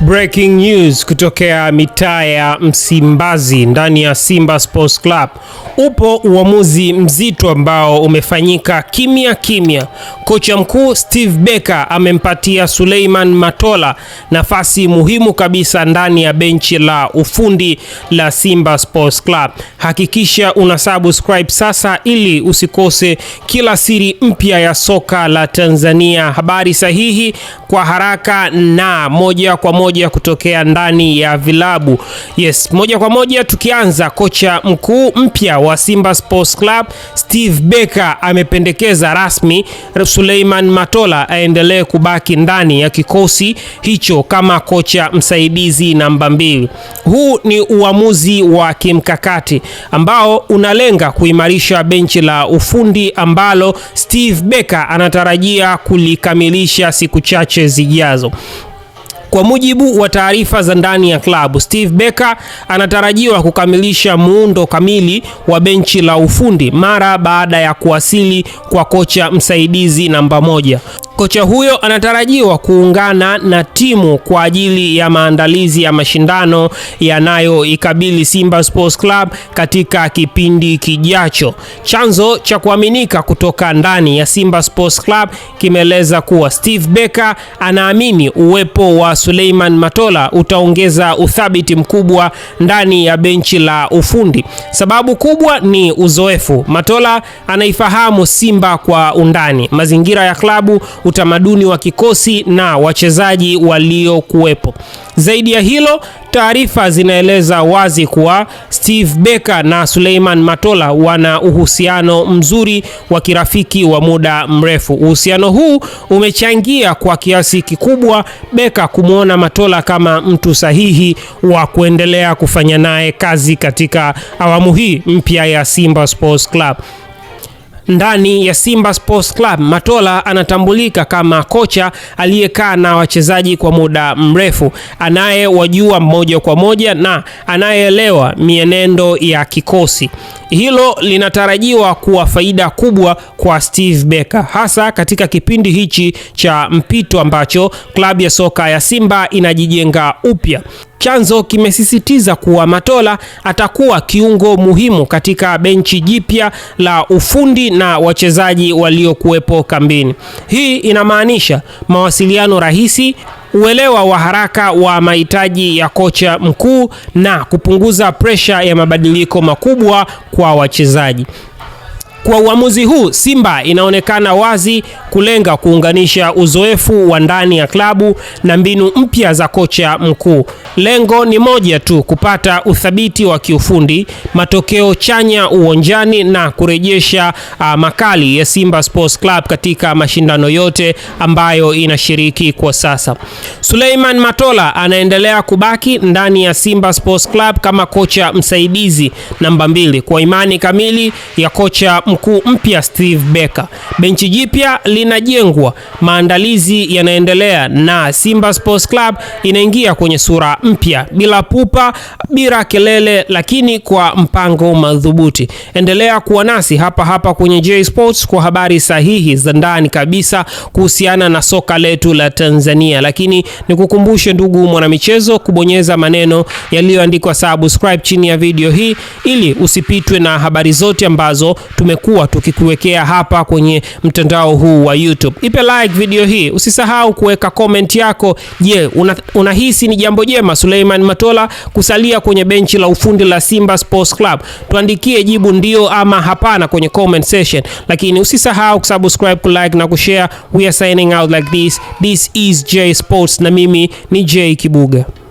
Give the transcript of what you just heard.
Breaking news kutokea mitaa ya Msimbazi ndani ya Simba Sports Club. Upo uamuzi mzito ambao umefanyika kimya kimya. Kocha mkuu Steve becker amempatia Suleiman Matola nafasi muhimu kabisa ndani ya benchi la ufundi la Simba Sports Club. Hakikisha una subscribe sasa ili usikose kila siri mpya ya soka la Tanzania, habari sahihi kwa haraka na moja kwa moja moja kutokea ndani ya vilabu. Yes, moja kwa moja tukianza, kocha mkuu mpya wa Simba Sports Club Steve Barker amependekeza rasmi Suleiman Matola aendelee kubaki ndani ya kikosi hicho kama kocha msaidizi namba mbili. Huu ni uamuzi wa kimkakati ambao unalenga kuimarisha benchi la ufundi ambalo Steve Barker anatarajia kulikamilisha siku chache zijazo. Kwa mujibu wa taarifa za ndani ya klabu, Steve becker anatarajiwa kukamilisha muundo kamili wa benchi la ufundi mara baada ya kuwasili kwa kocha msaidizi namba moja. Kocha huyo anatarajiwa kuungana na timu kwa ajili ya maandalizi ya mashindano yanayoikabili Simba Sports Club katika kipindi kijacho. Chanzo cha kuaminika kutoka ndani ya Simba Sports Club kimeeleza kuwa Steve Becker anaamini uwepo wa Suleiman Matola utaongeza uthabiti mkubwa ndani ya benchi la ufundi. Sababu kubwa ni uzoefu. Matola anaifahamu Simba kwa undani, mazingira ya klabu utamaduni wa kikosi na wachezaji waliokuwepo. Zaidi ya hilo, taarifa zinaeleza wazi kuwa Steve Becker na Suleiman Matola wana uhusiano mzuri wa kirafiki wa muda mrefu. Uhusiano huu umechangia kwa kiasi kikubwa beka kumwona Matola kama mtu sahihi wa kuendelea kufanya naye kazi katika awamu hii mpya ya Simba Sports Club ndani ya Simba Sports Club. Matola anatambulika kama kocha aliyekaa na wachezaji kwa muda mrefu, anayewajua moja kwa moja na anayeelewa mienendo ya kikosi. Hilo linatarajiwa kuwa faida kubwa kwa Steve Becker, hasa katika kipindi hichi cha mpito ambacho klabu ya soka ya Simba inajijenga upya. Chanzo kimesisitiza kuwa Matola atakuwa kiungo muhimu katika benchi jipya la ufundi na wachezaji waliokuwepo kambini. Hii inamaanisha mawasiliano rahisi, uelewa wa haraka wa mahitaji ya kocha mkuu na kupunguza presha ya mabadiliko makubwa kwa wachezaji. Kwa uamuzi huu, Simba inaonekana wazi kulenga kuunganisha uzoefu wa ndani ya klabu na mbinu mpya za kocha mkuu. Lengo ni moja tu, kupata uthabiti wa kiufundi, matokeo chanya uwanjani na kurejesha uh, makali ya Simba Sports Club katika mashindano yote ambayo inashiriki kwa sasa. Suleiman Matola anaendelea kubaki ndani ya Simba Sports Club kama kocha msaidizi namba mbili kwa imani kamili ya kocha mkuu mkuu mpya Steve Becker. Benchi jipya linajengwa, maandalizi yanaendelea na Simba Sports Club inaingia kwenye sura mpya, bila pupa, bila kelele, lakini kwa mpango madhubuti. Endelea kuwa nasi hapa hapa kwenye J Sports kwa habari sahihi za ndani kabisa kuhusiana na soka letu la Tanzania, lakini nikukumbushe ndugu mwanamichezo, kubonyeza maneno yaliyoandikwa subscribe chini ya video hii ili usipitwe na habari zote ambazo tume tutakuwa tukikuwekea hapa kwenye mtandao huu wa YouTube. Ipe like video hii, usisahau kuweka comment yako. Je, yeah, unahisi ni jambo jema Suleiman Matola kusalia kwenye benchi la ufundi la Simba Sports Club? Tuandikie jibu ndio ama hapana kwenye comment section, lakini usisahau kusubscribe, kulike na kushare. We are signing out like this. This is J Sports na mimi ni J Kibuga.